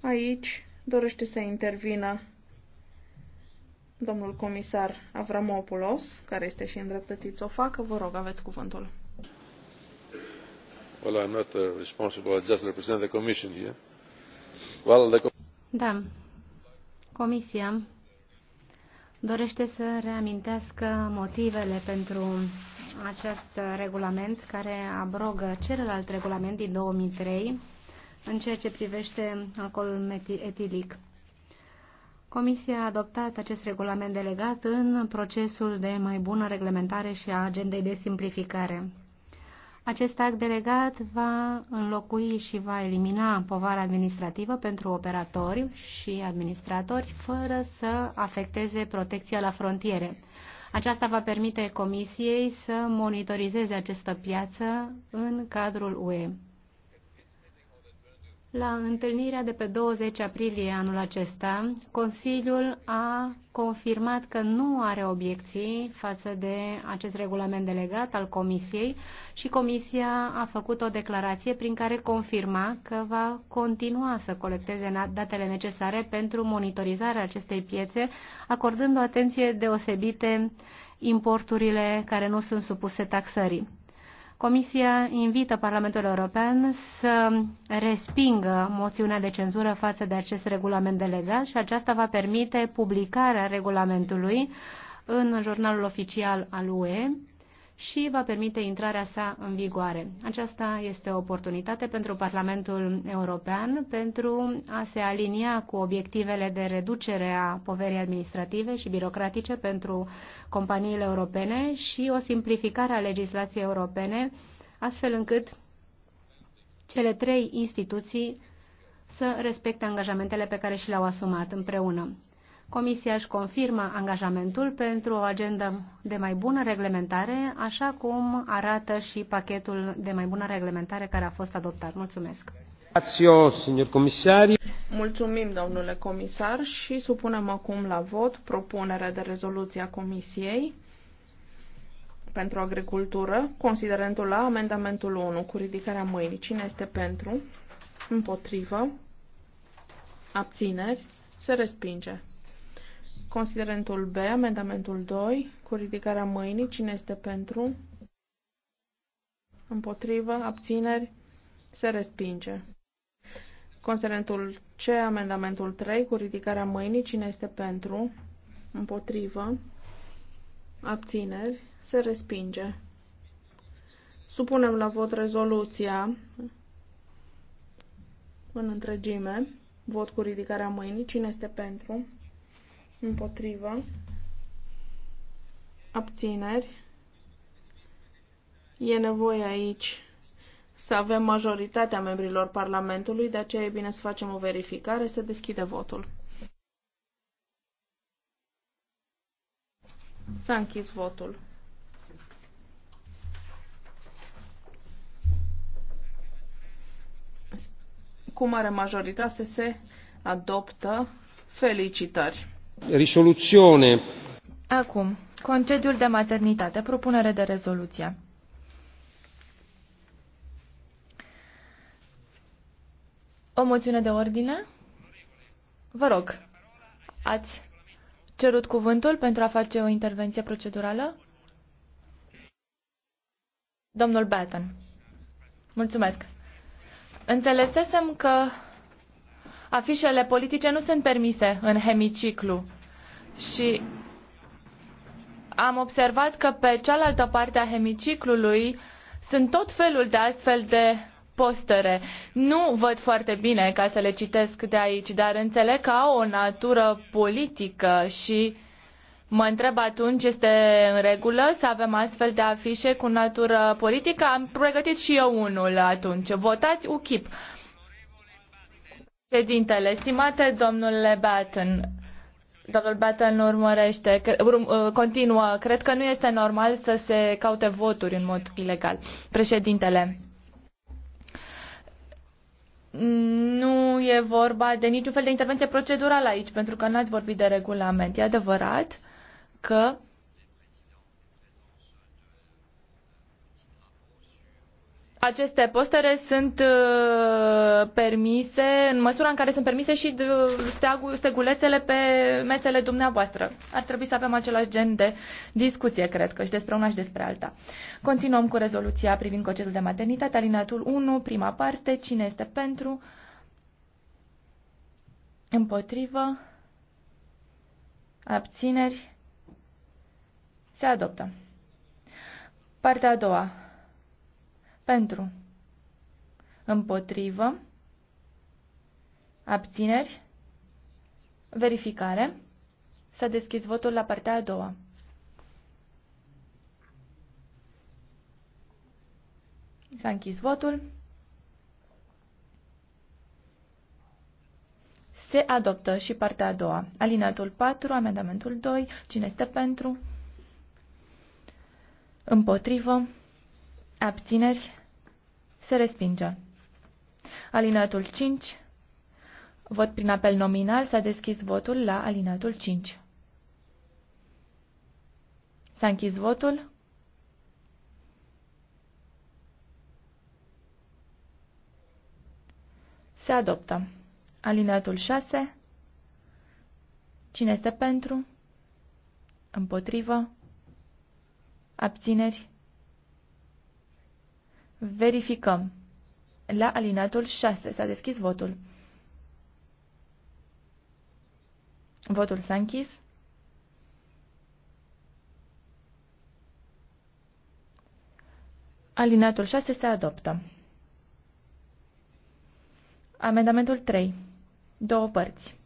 Aici dorește să intervină domnul comisar Avramopoulos, care este și îndreptățit să o facă. Vă rog, aveți cuvântul. Well, I'm not uh, responsible. I just represent the Commission here. Well, the... Da, Comisia dorește să reamintească motivele pentru acest regulament care abrogă celălalt regulament din 2003 în ceea ce privește alcoolul etilic. Comisia a adoptat acest regulament delegat în procesul de mai bună reglementare și a agendei de simplificare. Acest act delegat va înlocui și va elimina povara administrativă pentru operatori și administratori fără să afecteze protecția la frontiere. Aceasta va permite Comisiei să monitorizeze această piață în cadrul UE. La întâlnirea de pe 20 aprilie anul acesta, Consiliul a confirmat că nu are obiecții față de acest regulament delegat al Comisiei și Comisia a făcut o declarație prin care confirma că va continua să colecteze datele necesare pentru monitorizarea acestei piețe, acordând o atenție deosebite importurile care nu sunt supuse taxării. Comisia invită Parlamentul European să respingă moțiunea de cenzură față de acest regulament delegat și aceasta va permite publicarea regulamentului în jurnalul oficial al UE și va permite intrarea sa în vigoare. Aceasta este o oportunitate pentru Parlamentul European pentru a se alinia cu obiectivele de reducere a poverii administrative și birocratice pentru companiile europene și o simplificare a legislației europene, astfel încât cele trei instituții să respecte angajamentele pe care și le-au asumat împreună. Comisia își confirmă angajamentul pentru o agendă de mai bună reglementare, așa cum arată și pachetul de mai bună reglementare care a fost adoptat. Mulțumesc! Mulțumim, domnule comisar, și supunem acum la vot propunerea de rezoluție a Comisiei pentru agricultură, considerentul la amendamentul 1, cu ridicarea mâinii. Cine este pentru? Împotrivă? Abțineri? Se respinge. Considerentul B, amendamentul 2, cu ridicarea mâinii, cine este pentru? Împotrivă, abțineri, se respinge. Considerentul C, amendamentul 3, cu ridicarea mâinii, cine este pentru? Împotrivă, abțineri, se respinge. Supunem la vot rezoluția în întregime. Vot cu ridicarea mâinii. Cine este pentru? împotrivă, abțineri. E nevoie aici să avem majoritatea membrilor Parlamentului, de aceea e bine să facem o verificare, să deschide votul. S-a închis votul. Cu mare majoritate se adoptă felicitări. Risoluțiune. Acum, concediul de maternitate, propunere de rezoluție. O moțiune de ordine? Vă rog, ați cerut cuvântul pentru a face o intervenție procedurală? Domnul Batten. Mulțumesc. Înțelesesem că afișele politice nu sunt permise în hemiciclu. Și am observat că pe cealaltă parte a hemiciclului sunt tot felul de astfel de postere. Nu văd foarte bine ca să le citesc de aici, dar înțeleg că au o natură politică și mă întreb atunci, este în regulă să avem astfel de afișe cu natură politică? Am pregătit și eu unul atunci. Votați UKIP. Președintele, stimate domnule Batten, domnul Batten urmărește, uh, continuă, cred că nu este normal să se caute voturi în mod ilegal. Președintele, nu e vorba de niciun fel de intervenție procedurală aici, pentru că n-ați vorbit de regulament. E adevărat că aceste postere sunt uh, permise în măsura în care sunt permise și uh, stegulețele pe mesele dumneavoastră. Ar trebui să avem același gen de discuție, cred că, și despre una și despre alta. Continuăm cu rezoluția privind cocetul de maternitate, alineatul 1, prima parte, cine este pentru, împotrivă, abțineri, se adoptă. Partea a doua pentru. Împotrivă. Abțineri. Verificare. S-a deschis votul la partea a doua. S-a închis votul. Se adoptă și partea a doua. Alineatul 4, amendamentul 2. Cine este pentru? Împotrivă? Abțineri? Se respinge. Alinatul 5. Vot prin apel nominal. S-a deschis votul la alinatul 5. S-a închis votul. Se adoptă. Alineatul 6. Cine este pentru? Împotrivă? Abțineri? Verificăm. La alinatul 6 s-a deschis votul. Votul s-a închis. Alinatul 6 se adoptă. Amendamentul 3. Două părți.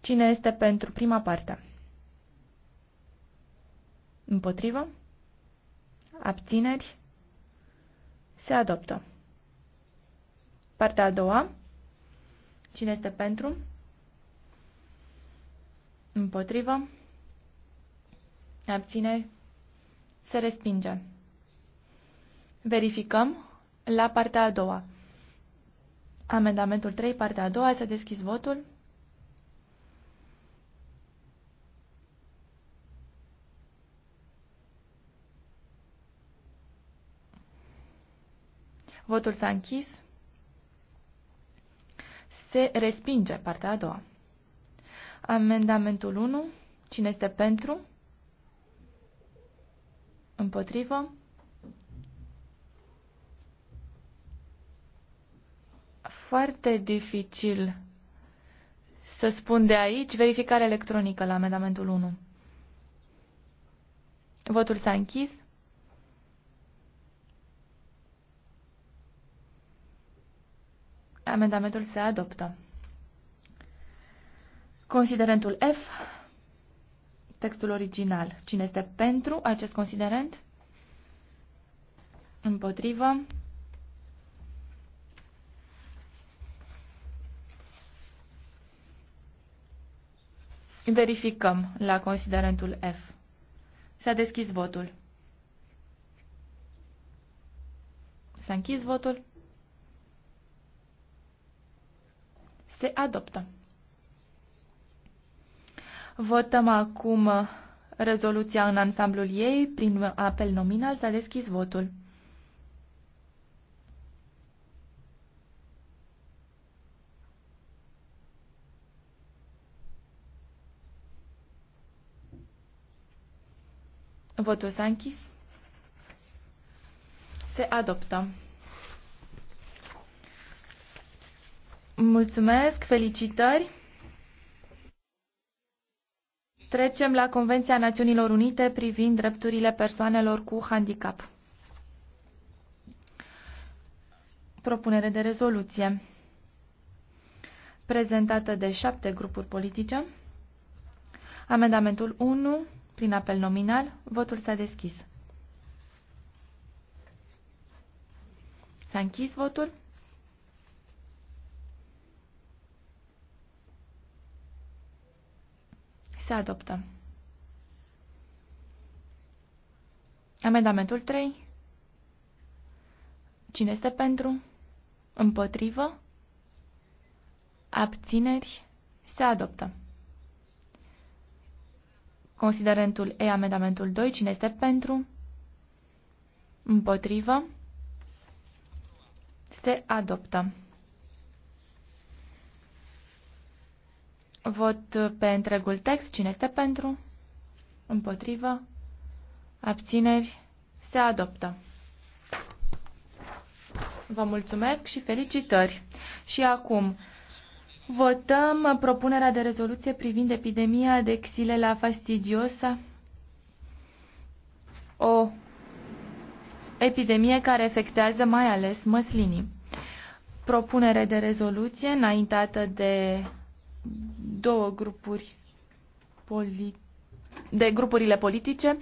Cine este pentru prima parte? Împotrivă? Abțineri? Se adoptă. Partea a doua. Cine este pentru? Împotrivă. Abține? Se respinge. Verificăm la partea a doua. Amendamentul 3, partea a doua, să deschis votul. Votul s-a închis. Se respinge partea a doua. Amendamentul 1. Cine este pentru? Împotrivă? Foarte dificil să spun de aici verificare electronică la amendamentul 1. Votul s-a închis. Amendamentul se adoptă. Considerentul F, textul original. Cine este pentru acest considerent? Împotrivă. Verificăm la considerentul F. S-a deschis votul. S-a închis votul. Se adoptă. Votăm acum rezoluția în ansamblul ei. Prin apel nominal s-a deschis votul. Votul s-a închis. Se adoptă. Mulțumesc, felicitări! Trecem la Convenția Națiunilor Unite privind drepturile persoanelor cu handicap. Propunere de rezoluție prezentată de șapte grupuri politice. Amendamentul 1, prin apel nominal, votul s-a deschis. S-a închis votul. Se adoptă. Amendamentul 3. Cine este pentru? Împotrivă? Abțineri? Se adoptă. Considerentul E, amendamentul 2, cine este pentru? Împotrivă? Se adoptă. Vot pe întregul text. Cine este pentru? Împotrivă? Abțineri? Se adoptă. Vă mulțumesc și felicitări. Și acum votăm propunerea de rezoluție privind epidemia de xilela fastidiosa. O epidemie care afectează mai ales măslinii. Propunere de rezoluție înaintată de două grupuri de grupurile politice.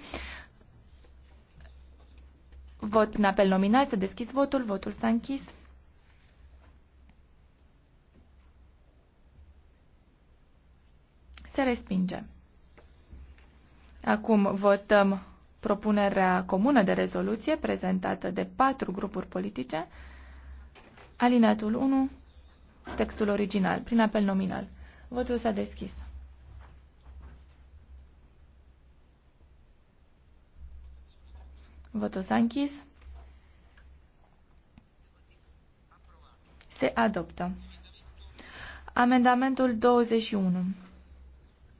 Vot în apel nominal. Să deschis votul. Votul s-a închis. Se respinge. Acum votăm propunerea comună de rezoluție prezentată de patru grupuri politice. Alineatul 1, textul original, prin apel nominal. Votul s-a deschis. Votul s-a închis. Se adoptă. Amendamentul 21.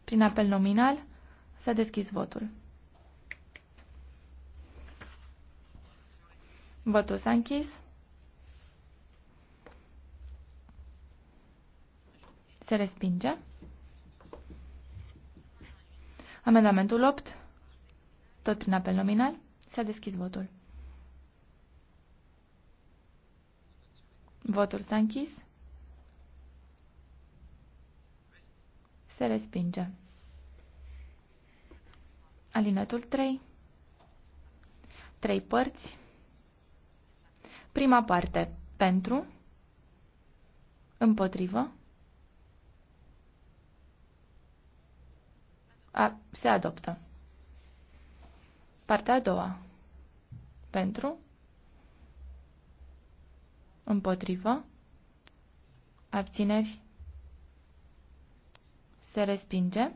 Prin apel nominal s-a deschis votul. Votul s-a închis. Se respinge. Amendamentul 8, tot prin apel nominal, s-a deschis votul. Votul s-a închis. Se respinge. Alinatul 3. Trei părți. Prima parte pentru, împotrivă, A, se adoptă. Partea a doua. Pentru. Împotrivă. Abțineri. Se respinge.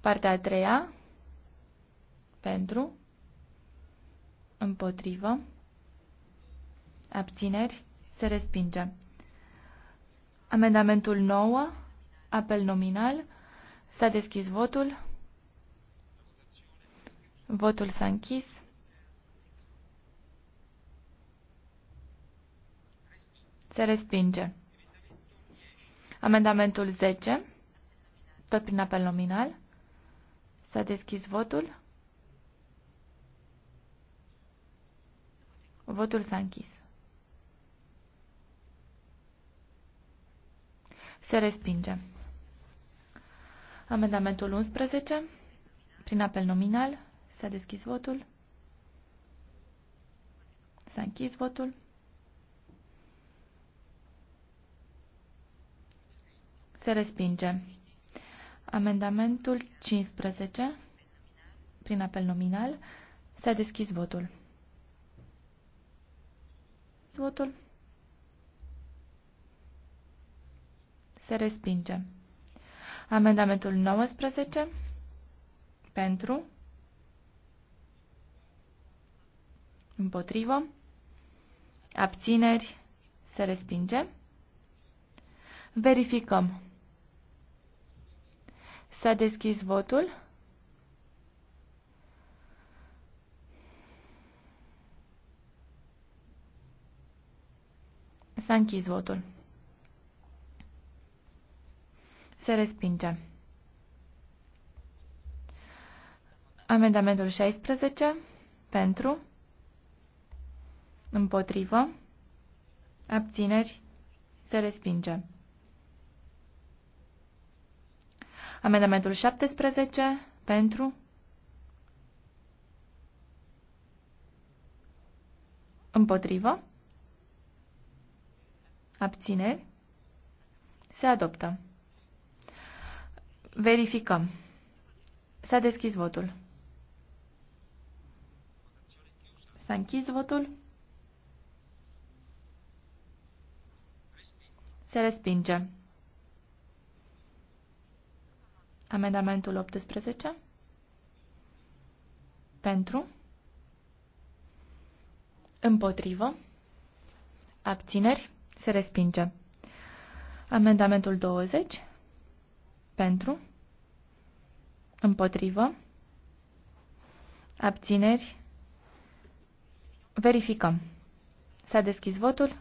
Partea a treia. Pentru. Împotrivă. Abțineri. Se respinge. Amendamentul 9. Apel nominal. S-a deschis votul. Votul s-a închis. Se respinge. Amendamentul 10, tot prin apel nominal. S-a deschis votul. Votul s-a închis. Se respinge. Amendamentul 11. Prin apel nominal s-a deschis votul. S-a închis votul. Se respinge. Amendamentul 15. Prin apel nominal s-a deschis votul. Votul. Se respinge. Amendamentul 19 pentru, împotrivă, abțineri, se respinge. Verificăm. S-a deschis votul. S-a închis votul. Se respinge. Amendamentul 16 pentru, împotrivă, abțineri, se respinge. Amendamentul 17 pentru, împotrivă, abțineri, se adoptă. Verificăm. S-a deschis votul. S-a închis votul. Se respinge. Amendamentul 18. Pentru. Împotrivă. Abțineri. Se respinge. Amendamentul 20. Pentru? Împotrivă? Abțineri? Verificăm. S-a deschis votul?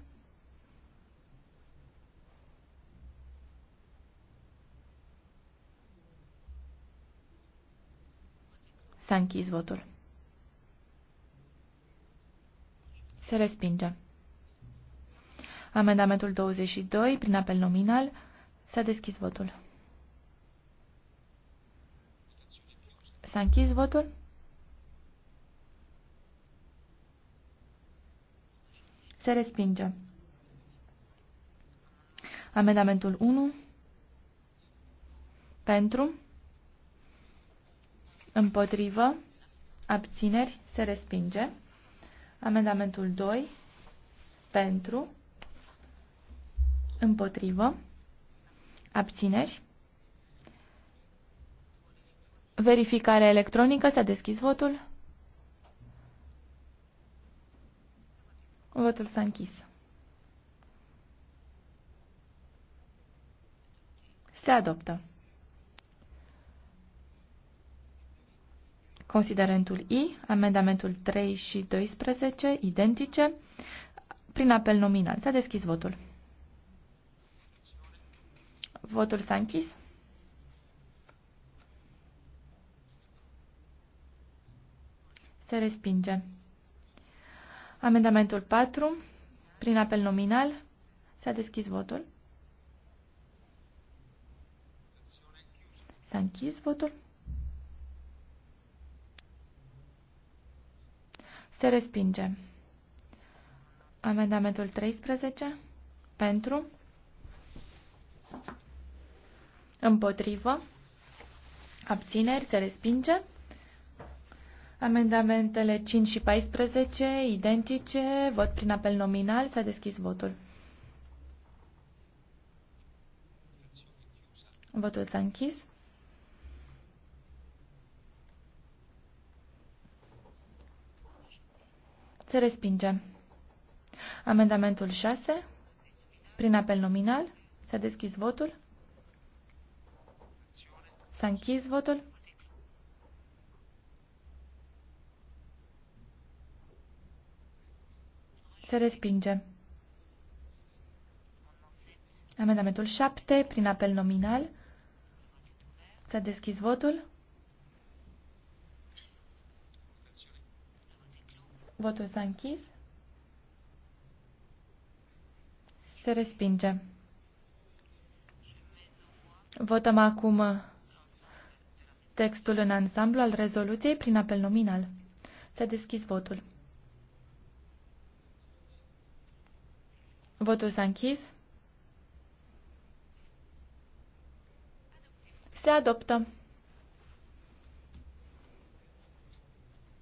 S-a închis votul. Se respinge. Amendamentul 22, prin apel nominal, s-a deschis votul. S-a închis votul? Se respinge. Amendamentul 1. Pentru. Împotrivă. Abțineri. Se respinge. Amendamentul 2. Pentru. Împotrivă. Abțineri. Verificare electronică. S-a deschis votul. Votul s-a închis. Se adoptă. Considerentul I, amendamentul 3 și 12, identice, prin apel nominal. S-a deschis votul. Votul s-a închis. Se respinge. Amendamentul 4. Prin apel nominal. S-a deschis votul. S-a închis votul. Se respinge. Amendamentul 13. Pentru. Împotrivă. Abțineri. Se respinge. Amendamentele 5 și 14, identice, vot prin apel nominal, s-a deschis votul. Votul s-a închis. Se respinge. Amendamentul 6, prin apel nominal, s-a deschis votul. S-a închis votul. Se respinge. Amendamentul 7, prin apel nominal. S-a deschis votul. Votul s-a închis. Se respinge. Votăm acum textul în ansamblu al rezoluției prin apel nominal. S-a deschis votul. Votul s-a închis. Se adoptă.